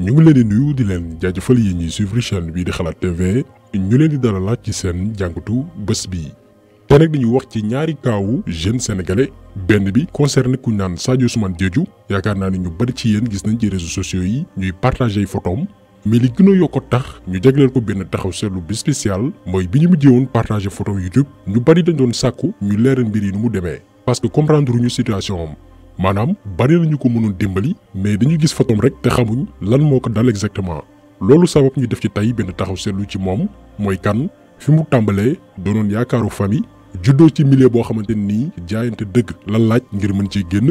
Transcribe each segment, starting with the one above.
ñu ngi leen di nuyu di leen jaajëfal yi ñuy suivre chaîne bii di xalaat TV ñu leen di dalalaat ci seen jàngatu bés bi te nag dañu wax ci ñaari kaawu jeune sénégalais benn bi concerné ku naan Sadio Ousmane Diédhiou yaakaar naa ne ñu bari ci yéen gis nañ ci réseaux sociaux yi ñuy partagé photom mais li gën a yokko tax ñu jagleel ko benn taxaw seetlu bi spécial mooy bi ñu mujjee woon partagé photom YouTube ñu bari dañ doon sàkku ñu leeral mbir yi nu mu demee parce que comprendre ñu situation am maanaam bari nañu ko mënoon dimbali mais dañu gis fotom rek te xamuñ lan moo ko dal exactement loolu sabab ñu def ci tey benn taxaw seetlu ci moom mooy kan fi mu tàmbalee doonoon yaakaaru famille juddoo ci milieu boo xamante nii jaayante dëgg la laaj ngir mën ci génn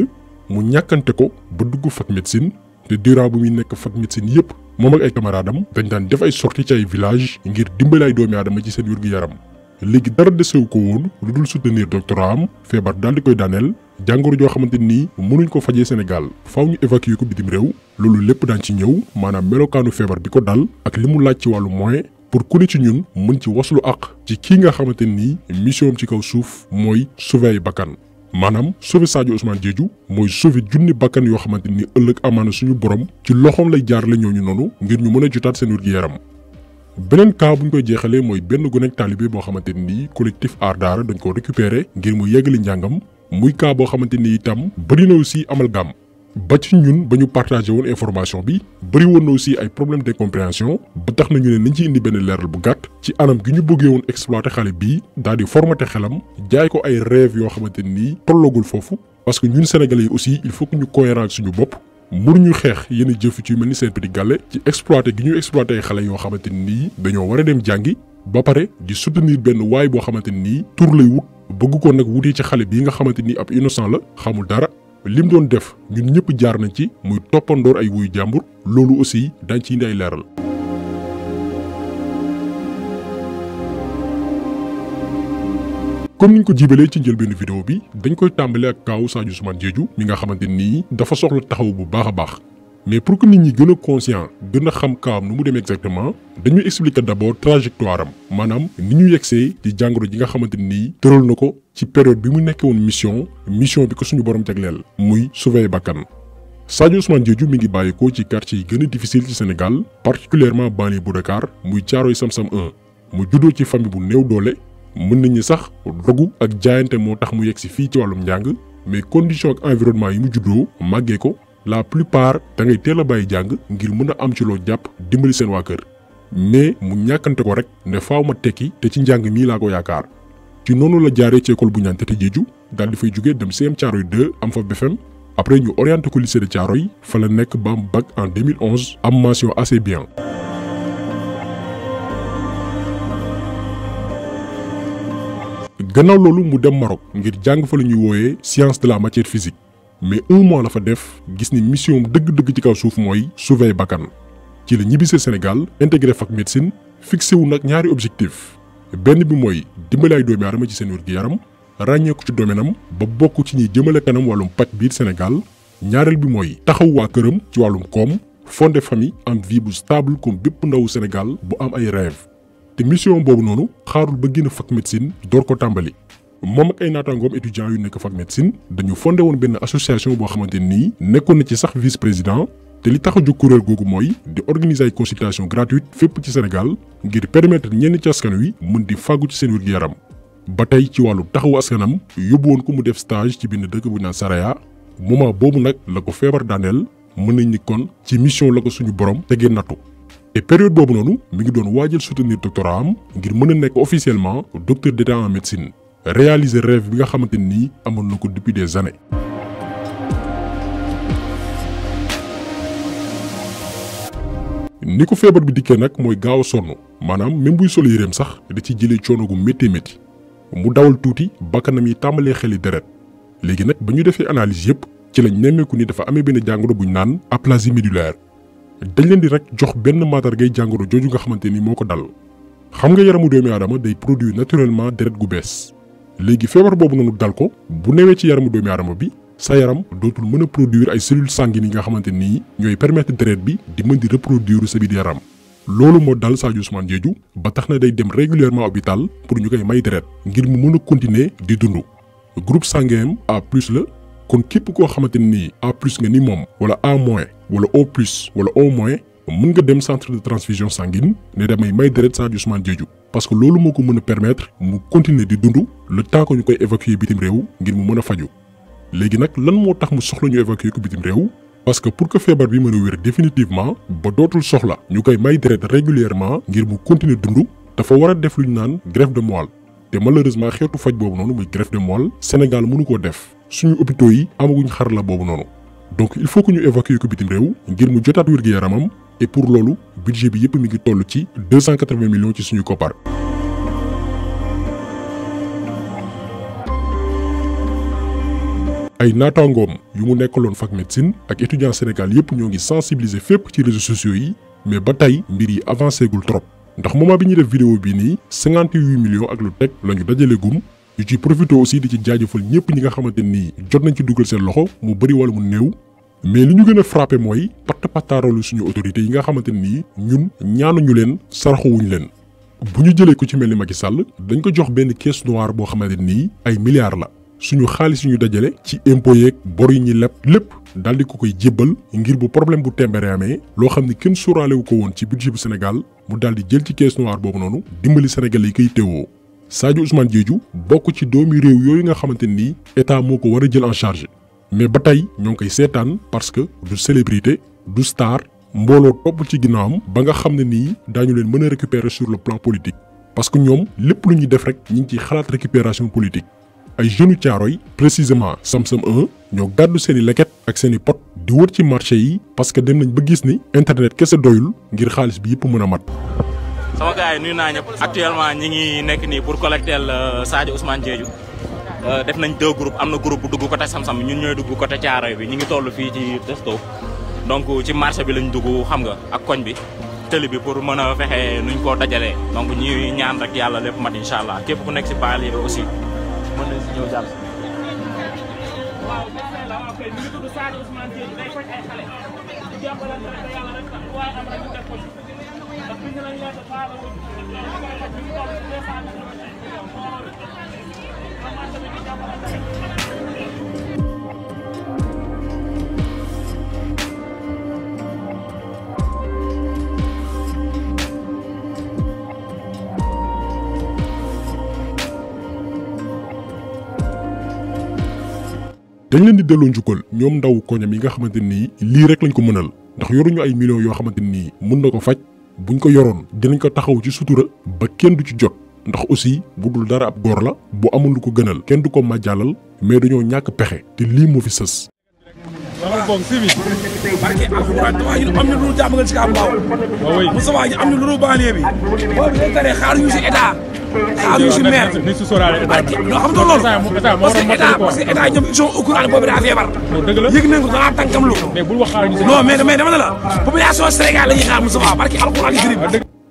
mu ñàkkante ko ba dugg fac médecine te durant bu muy nekk fac médecine yépp moom ak ay camarade am dañ daan def ay sortie ci ay village ngir dimbali ay doomi aadama ci seen wér-gu-yaram léegi dara desewu ko lu dul soutenir doctorat am feebar daal di koy daaneel jàngoro joo xamante nii mënuñ ko fajee Sénégal faaw ñu évacuer ko bitim réew loolu lépp daan ci ñëw maanaam melokaanu feebar bi ko dal ak li mu laaj ci wàllu moyen pour ku ne ci ñun mën ci waslu àq ci kii nga xamante nii mission ci kaw suuf mooy sauver ay bakkan maanaam sauver Sadio Ousmane jeeju mooy sauver junni bakkan yoo xamante ni ëllëg amaana suñu borom ci loxoom lay jaarale ñooñu noonu ngir ñu mën a jotaat seen wér-gu-yaram beneen kaa bu ñu koy jeexalee mooy benn gone ak taalibe boo xamante ni collectif Aar Daara dañ ko récupéré ngir mu yeggali njàngam muy cas boo xamante ni itam bëri na aussi amalgame ba ci ñun ba ñu partagé woon information bi bëri woon na aussi ay problème de compréhension ba tax nañu ne nañ ci indi benn leeral bu gàtt ci anam gi ñu bëggee woon exploité xale bi daal di formaté xelam jaay ko ay rêve yoo xamante ni tollagul foofu parce que ñun sénégalais aussi il faut que ñu cohérent ak suñu bopp mënuñu xeex yenn jëf ci mel ni seen petit gàlle ci exploité gi ñu exploité xale yoo xamante nii dañoo war a dem jàngi ba pare di soutenir benn waay boo xamante nii tur lay wut bëgg ko nag wutee ci xale bii nga xamante ni ab innocent la xamul dara lim doon def ñun ñëpp jaar nañ ci muy toppandoor ay wuyu jàmbur loolu aussi dañ ci indi ay leeral. comme niñ ko jibalee ci njëlbéenu vidéo bi dañ koy tàmbale ak kaawu Sadio Ousmane Diédhiou mi nga xamante nii dafa soxla taxaw bu baax a baax mais pour que nous soyons plus conscients conscient gën a xam kaam nu mu exactement expliquer d'abord trajectoire Madame, ni ñu nga la période mission mission nous ko suñu borom jagleel muy sauver bakkan Sadio Ousmane Diédiou mi ngi bàyyeekoo ci quartier yi difficile au Sénégal particulièrement banlieue de Dakar muy Samsam 1 mu famille mais la plupart da ngay teel a bàyyi jàng ngir mën a am ci loo jàpp dimbali seen waa kër mais mu ñàkkante ko rek ne faaw ma tekki te ci njàng mii laa ko yaakaar ci noonu la jaaree ci école bu ñaan Tata Diédhiou daal di fay jóge dem CM Thiaroye 2 am fa BFM après ñu orienté ko lycée de Thiaroye fa la nekk ba am bac en 2011 am mention assez bien. gannaaw loolu mu dem Maroc ngir jàng fa la ñuy wooyee science de la matière physique. mais un mois la fa def gis ni mission deug deug ci kaw souf moy sauver bakkan ci la ñibbisee Sénégal intégré fac médecine fixé wu nak ñaari objectif benn bi mooy dimbali ay doomi aadama ci sen wér-gu-yaram ko ci domaine am ba bokku ci ñuy jëmele kanam walum paj biir Sénégal ñaareel bi moy taxaw wa kërëm ci walum fondé famille am vie stable comme bëpp ndaw Sénégal bu am ay rêve té mission bobu nonu xaarul ba génn fac médecine dor ko tambali je ak ay étudiant étudiants yu fac médecine dañu fondé une association de xamanteni de ci vice président te li taxaju a jóg moy di organiser consultation gratuite fep ci Sénégal ngir permettre ñen ci askan wi mën di fàggu ci seen y a yaram ba ci walu a askanam won ko mu def stage ci bu Saraya bobu nak la ko feebar mën ci mission la ko suñu borom natou te période bobu nonu mi ngi officiellement docteur d'état en médecine réaliser rêve bi nga xamante ni amoon na ko depuis des années. ni ko feebar bi dikkee nag mooy gaaw a sonn maanaam même buy sol yéreem sax da ci jëlee coono gu métti métti mu dawal tuuti bakkanam yi tàmbalee xeli deret léegi nag ba ñu defee analyse yëpp ci la nemmeeku ni dafa amee benn jàngoro buñ naan aplasie médullaire dañ leen di rek jox benn màndargay jàngoro jooju nga xamante ni moo ko dal xam nga yaramu doomi aadama day produit naturellement deret gu bees léegi feebar boobu noonu dal ko bu newee ci yaramu doomu aadama bi sa yaram dootul mën a produire ay cellules sanguines yi nga xamante nii ñooy permettre deret bi di mën di reproduire sa biir yaram loolu moo dal Sadio Ousmane Diédhiou ba tax na day dem régulièrement hôpital pour ñu koy may deret ngir mu mën a continuer di dund groupe sanguin A plus la kon képp koo xamante nii A plus nga ni moom wala A moins wala O plus wala O moins mun nga dem centre de transfusion sanguine ne damay may deret Sadio Ousmane Diédhiou parce que loolu moo ko mën a permettre mu continuer di dund le temps que ñu koy évacuer bitim réew ngir mu mën a faju léegi nag lan moo tax mu soxla ñu évacuer ko bitim réew parce que pour que feebar bi mën a wér définitivement ba dootul soxla ñu koy may deret régulièrement ngir mu continuer dund dafa war a def lu ñu naan greffe de moelle te malheureusement xeetu faj boobu noonu muy greffe de moelle Sénégal mënu koo def suñu hôpitaux yi amaguñ xarala boobu noonu donc il faut que ñu évacuer ko bitim réew ngir mu jotaat wér-gu-yaramam et pour lolu budget bi yëpp mi ngi tollu ci 280 millions ci suñu copar ay natangom yu mu nekkaloon fak médecine ak étudiants Sénégal yëpp ñoo ngi sensibiliser fépp ci réseaux sociaux yi mais ba tey mbir yi avancé gul trop ndax moment bi ñu def vidéo bi nii 58 millions ak lu teg la ñu dajale gum yu ci profité aussi di ci jaajëfal ñëpp ñi nga xamante ni jot nañ ci dugal seen loxo mu bari wala mu néew. mais li ñu gën a frappé mooy patt pattaaralu suñu autorités yi nga xamante ni ñun ñaanuñu leen saraxuwuñu leen bu ñu jëlee ko ci mel ni Macky sàll dañ ko jox benn caisse noire boo xamante nii ay milliards la suñu xaalis yu ñu dajale ci impôts yeeg bor yi ñuy leb lépp daal di ko koy jébbal ngir bu problème bu tembere amee loo xam ni kenn sóoraalewu ko woon ci budget bu Sénégal mu daal di jël ci caisse noire boobu noonu dimbali Sénégalais yi koy teewoo Sadio Ousmane Diédhiou bokk ci doomi réew yooyu nga xamante ni état moo ko war a jël en mais ba tey ñoo ngi koy seetaan parce que du célébrité du star mbooloo topp ci ginnaawam ba nga xam ne nii daañu leen mën a récupérer sur le plan politique. parce que ñoom lépp lu ñuy def rek ñu ngi ciy xalaat récupération politique ay jeunes Caaroy précisément Samsam 1 ñoo gàddu seen i leket ak seen i pot di wër ci marché yi parce que dem nañ ba gis ni internet kese doyul ngir xaalis bi yëpp mën a mat. sama gars naa ñëpp actuellement ñi ngi nekk nii pour collecter euh, Sadio Ousmane Eh, def nañ deux groupe amna groupe bu dugg côté sam-sam ñun ñoy dugg côté caaroy bi ñi ngi tollu fi ci testo donc ci marché bi lañ dugg xam nga ak koñ bi télé bi pour mëna fexé fexe nuñ ko dajalé donc ñi ñaan rek yalla lepp mat inshallah képp ku nekk ci baal yi aussi mën nañ si ñëw jàll Thank you. dañ leen di delloo njukkal ñoom ndaw koñam yi nga xamante nii lii rek lañ ko mënal ndax yoruñu ay millions yoo xamante nii mën na ko faj buñ ko yoroon dinañ ko taxaw ci sutura ba kenn du ci jot ndax aussi bu dul dara ab góor la bu amul lu ko gënal kenn du ko màjjaalal mais dañoo ñàkk pexe te lii moo fi sës. waaw barke alxuraan te waa am na lu ñu jàmmagal si Kambaaw. waaw oui waa ñu am ñu loolu. parce boobu daa feebar. dëgg la danaa tànkam lu. mais mais dama ne la population Sénégal la ñuy xaar Moussa waa barke alxuraan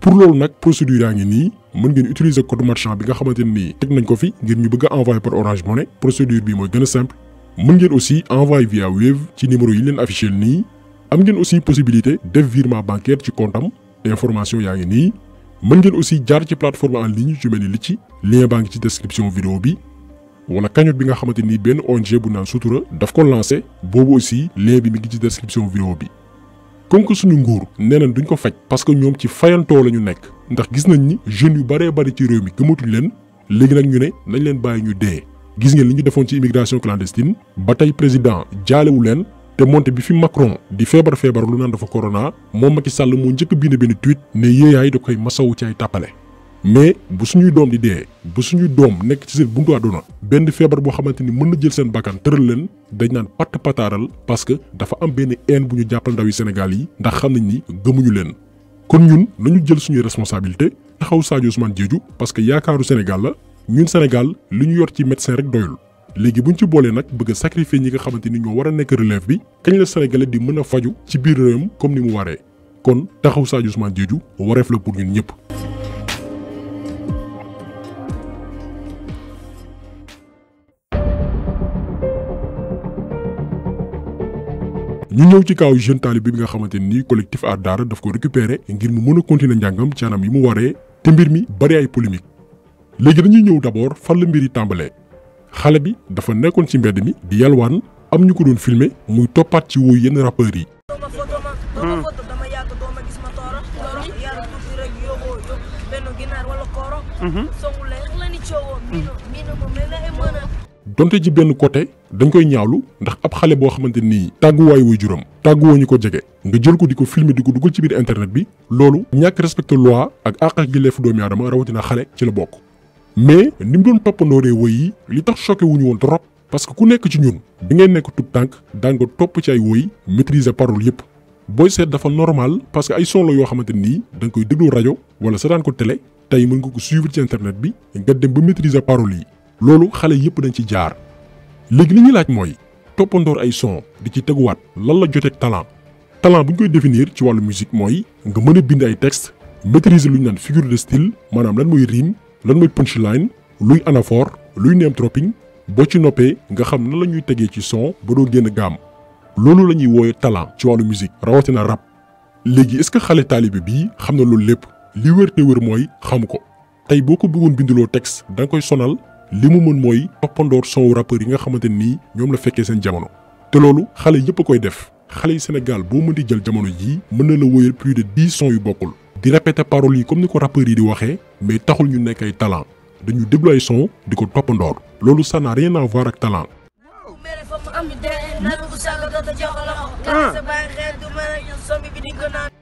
pour lolu nak procédure yaa ngi nii mën ngeen utiliser code marchand bi nga xamanteni ne nii nañ ko fi ngir ñu bëgg envoyer par Orange Money procédure bi moy gëna simple mën ngeen aussi envoyer via Wave ci numéro yi leen officiel n'i. am ngeen aussi possibilité def virement bancaire ci compte am information yaa ngi ni mën ngeen aussi jaar ci plateforme en ligne ci mel ni Litchi lien bank ci description vidéo bi wala cagnotte bi nga xamanteni ni ONG bu nan Sutura daf ko lancer boobu aussi lien bi mi ngi ci description vidéo bi comme que suñu nguur nee duñ ko faj parce que ñoom ci fayantoo lañu nekk ndax gis nañ ni jeunes yu bari ci réew mi gëmatuñ leen léegi ñu ne nañ leen bàyyi ñu dee gis ngeen li ñu defoon ci immigration clandestine ba tey président jaalewu leen te monte bi fi Macron di feebar feebar lu naan dafa corona moom Macky Sall moo njëkk bind benn tweet ne yéeyaay da koy masawu ci ay mais bu suñuy doom di dee bu suñuy doom nekk ci seen buntu aduna benn feebar boo xamante ni mën na jël seen bakkan tëral leen dañ naan pat pataaral parce que dafa am benn en bu ñu jàppal ndaw yi Sénégal yi ndax xam nañ ni gëmuñu leen kon ñun nañu jël suñuy responsabilité taxaw Sadio Ousmane Diédhiou parce que yaakaaru Sénégal la ñun Sénégal li ñu yor ci médecin rek doyul léegi buñ ci boolee nag bëgg a sacrifier ñi nga xamante ni ñoo war a nekk relève bi kañ la sénégalais di mën a faju ci biir réewam comme ni mu waree kon taxaw Sadio Ousmane Diédhiou wareef la pour ñun ñëpp ñu ñëw ci kaaw jeune taalibe bi nga xamante ni collectif Aar Daara daf ko récupérer ngir mu mën a continuer njàngam ci yi mu waree te mbir mi bari ay polémique léegi dañuy ñëw d'abord fan la mbir yi tàmbalee xale bi dafa nekkoon ci mbedd mi di yalwaan am ñu ko doon filmer muy toppaat ci wooyu yenn rappeurs yi. Hmm. Hmm. donte ci benn côté dañ koy ñaawlu ndax ab xale boo xamante nii tàgguwaay way juróom tàgguwoo ñu ko jege nga jël ko di ko filmer di ko dugal ci biir internet bi loolu ñàkk respecté loi ak àq ak yelleefu doomu aadama rawatina xale ci la bokk mais ni mu doon toppandooree woy yi li tax choqué wu ñu woon trop parce que ku nekk ci ñun bi ngeen nekk tut tànk daan nga topp ci ay woy maîtriser parole yëpp booy seet dafa normal parce que ay son yoo xamante nii da nga koy déglu rajo wala sa daan ko tey mën nga ko suivre ci internet bi nga dem ba maîtriser parole yi loolu xale yëpp dañ ci jaar léegi li ñuy laaj mooy toppandoor ay son di ci teguwaat lan la joteeg talent talent bu ñu koy définir ci wàllu musique mooy nga mën bind ay texte maîtriser lu ñu naan figure de style maanaam lan mooy rime lan mooy punchline luy anafor luy name dropping boo ci noppee nga xam na la ñuy tegee ci son ba doo génn gaam loolu la ñuy wooye talent ci wàllu musique rawatina rap léegi est-ce que xale taalibe bii xam na loolu lépp li wér te mooy xam ko tey boo ko bëggoon binduloo texte da nga koy sonal. li mu mën mooy toppandoor son rappeurs yi nga xamante ni ñoom la fekkee seen jamono te loolu xale yépp koy def xale yi Sénégal boo mën di jël jamono jii mën na la woyal plus de dix sons yu bokkul di répéter paroles yi comme ni ko rappeurs yi di waxee mais taxul ñu nekk ay talent dañu déglu ay son di ko toppandoor loolu ça n'a rien à voir ak talent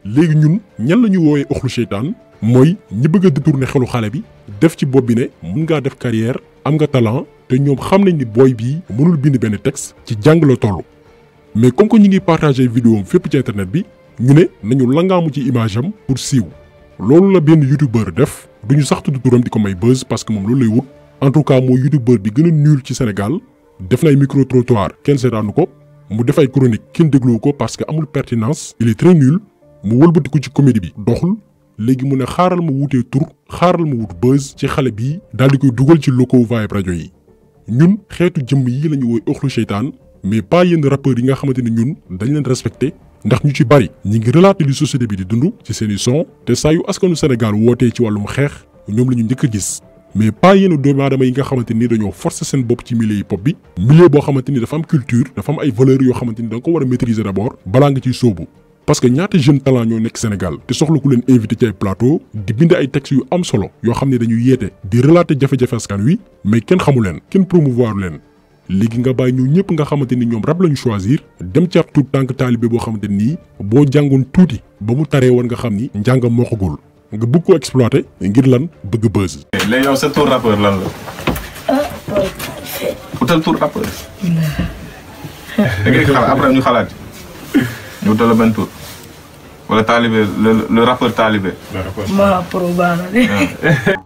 léegi ñun ñan vous woyé oxlu uxlu moy ñi bëgg détourner xelu def ci choses, bi def carrière am nga talent te ñom xam nañ ni boy bi mënul bind texte ci mais comme ko ñi ngi vidéo internet bi ñu nañu ci image pour siw loolu la youtubeur def duñu sax tudd turam diko may buzz parce que mom loolu lay wut en tout cas youtubeur bi nul ci Sénégal def micro trottoir mu defay ay chronique kenn dégluwu ko parce que amul pertinence il est très nul mu wëlbatiku ci comédie bi doxul légui mu ne xaaral ma wutee tour xaaral ma wut buzz ci xalé bi dal di koy dugal ci locaux Vibe radio yi ñun xeetu jëm yi lañu woy oxlu seytaan mais pas yenn rappeur yi nga xamanteni ñun dañ leen respecter ndax ñu ci bari ñi ngi relater li société bi di dund ci seen son te saa yu askanu Sénégal woté ci walum xeex ñom lañu ñu gis mais pas yenn doomu aadama yi nga xamanteni forcer sen bop ci milieu hip hop bi milieu bo xamanteni dafa culture dafa am ay valeurs yo xamanteni da ko maîtriser d'abord parce que ñaata jeune talent ñoo nek Sénégal te ku ci plateau di bind ay textes yu am solo yo xamni dañuy di relater jafé jafe askan wi mais ken xamu leen promouvoir leen les nga bay nga nous ni rap lañu choisir dem ci tout tank talibé bo xamanteni bo pour touti ba mu nga bëgg koo exploité ngir lan bëgg buzz. léegi yow sa tour rappeur lan la. ah booy Faye. utal tour rappeur. da ngay ñu xalaat ñu utal la benn tour wala taalibe le ah.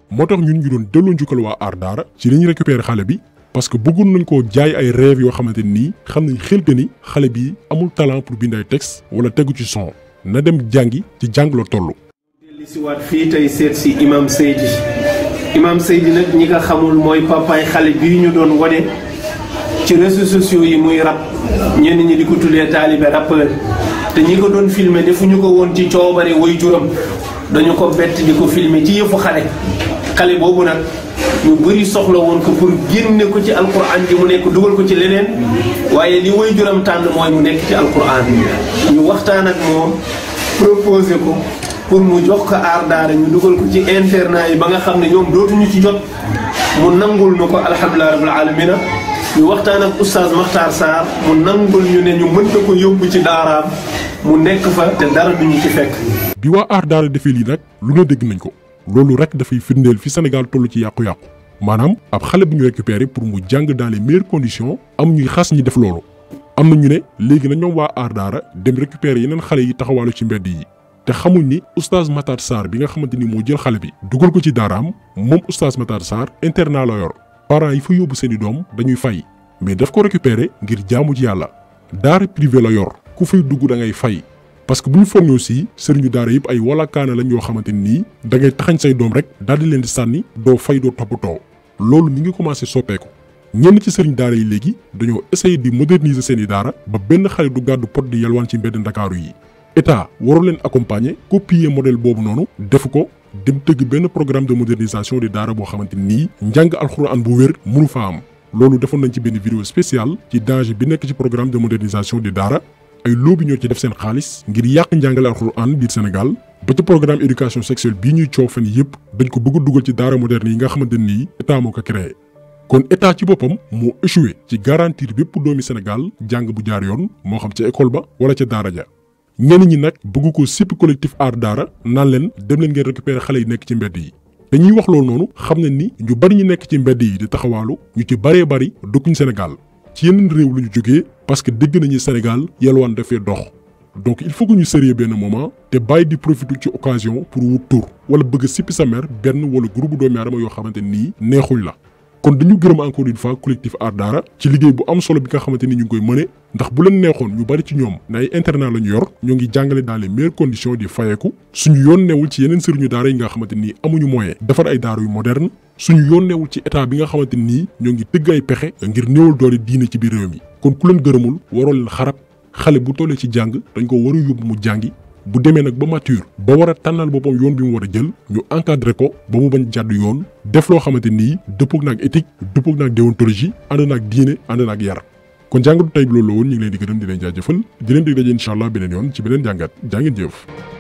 doon delloo njukkal waa Aar Daara. ci li ñu xale bi. parce que bëggoon nañ koo jaay ay rêve yoo xamante nii xam nañ xelte ni xale bi amul talent pour bind ay texte wala tegu ci son na dem jàngi ci jàng la toll. li si waat fii tey imam Seydi imam Seydi nag ñi ko xamul mooy papaay xale bii ñu doon wane ci réseaux sociaux yi muy rap ñenn ñi di ko tuddee taalibe rappeur te ñi ko doon filmer defuñu ko woon ci coobare way juram dañu ko bett di ko filmer ci yëfu xale xale boobu nag ñu bëri soxla woon ko pour génne ko ci alquran ji mu nekk dugal ko ci leneen waaye li way juram tànn mooy mu nekk ci alquran ñu waxtaan ak moom proposé ko pour mu jox ko aar daara ñu dugal ko ci internat yi ba nga xam ne ñoom dootuñu ci jot mu nangul ñu ko alhamdulilah rabbil alamina ñu waxtaan ak oustaz Makhtar Sarr mu nangul ñu ne ñu mën ko yóbbu ci daaraam mu nekk fa te dara du ñu ci fekk. bi waa aar daara defee lii nag lu ne dégg nañ ko loolu rek dafay firndeel fi Sénégal toll ci yàqu-yàqu maanaam ab xale bu ñu récupéré pour mu jàng dans les meilleures am ñuy xas ñi def loolu. am na ñu ne léegi na ñoom waa aar daara dem récupérer yeneen xale yi taxawaalu ci mbedd yi. te xamuñ ni oustaz Matar Sarr bi nga xamante ni moo jël xale bi dugal ko ci daaraam moom oustaz Matar Sarr internat la yor parents yi fa yóbbu seen i doom dañuy fay mais daf ko récupérer ngir jaamu ci yàlla daara privé la yor ku fay dugg da ngay fay parce que bu ñu formé aussi sëriñu daara yëpp ay walakaana lañ yoo xamante nii da ngay taxañ say doom rek daal di leen di sànni doo fay doo toppatoo loolu mi ngi commencé soppeeku ñenn ci sëriñ daara yi léegi dañoo essayé di moderniser seen i daara ba benn xale du gàddu pot di yalwaan ci mbedd ndakaaru yi état waru len accompagner copier modèle bobu nonou defu ko dem tëgg ben programme de modernisation de daara bo xamanteni nii njàng alxuraan bu werr munu faa am loolu defoon nañ ci ben vidéo spéciale ci danger bi nek ci programme de modernisation de daara ay lobby ñoo ci def sen xaliss ngir yàq njàngale alxuraan biir Sénégal ba ci programme éducation sexuelle bi ñuy coow yépp dañ ko bëgg duggal ci daara moderne yi nga xamanteni nii état moo ko créé kon état ci bopam mo échoué ci garantir bépp doomi Sénégal jàng bu jaar yoon mo xam ci école ba wala ci daara ja ñenn ñi nag bëgg ko sip collectif art dara nan leen dem leen ngeen récupérer xalé yi nekk ci mbedd yi dañuy wax lool nonu xam ni ñu bari ñi nekk ci mbedd yi di taxawaalu ñu ci baree bari dëkkuñ Sénégal ci yeneen réew la ñu jógee parce que dégg nañu Sénégal yalwaan dafee dox donc il faut que ñu sérieux ben moment té bay di profiter ci occasion pour wut tour wala bëgg sippi sa mère ben wala groupe doomi aadama yo xamante nii neexuñ la kon dañu gërëm encore une fois collectif Aar Daara ci liggéey bu am solo bi nga xamante ni ñu ngi koy mëne ndax bu leen neexoon ñu bari ci ñoom ne ay internat la ñu yor ñoo ngi jàngale dans les meilleures conditions di fayeku suñu yoon neewul ci yeneen sëriñu daara yi nga xamante ni amuñu moyen defar ay daara yu moderne suñu yoon neewul ci état bi nga xamante nii ñoo ngi tëgg ay pexe ngir néewal doole diine ci biir réew mi kon ku leen gërëmul waroo leen xale bu tollee ci jàng dañ ko war a yóbbu mu jàngi bu demee nag ba mature ba war a tànnal boppam yoon bi mu war a jël ñu encadré ko ba mu bañ jàdd yoon def loo xamante nii dëppoog naag éthique dëppoog naag déontologie ànd naag diine ànd ak yar kon jàngatu tey bi loolu la woon ñu leen di gërëm di leen jaajëfal di leen dig daje incha beneen yoon ci beneen jàngat jaa ngeen jëf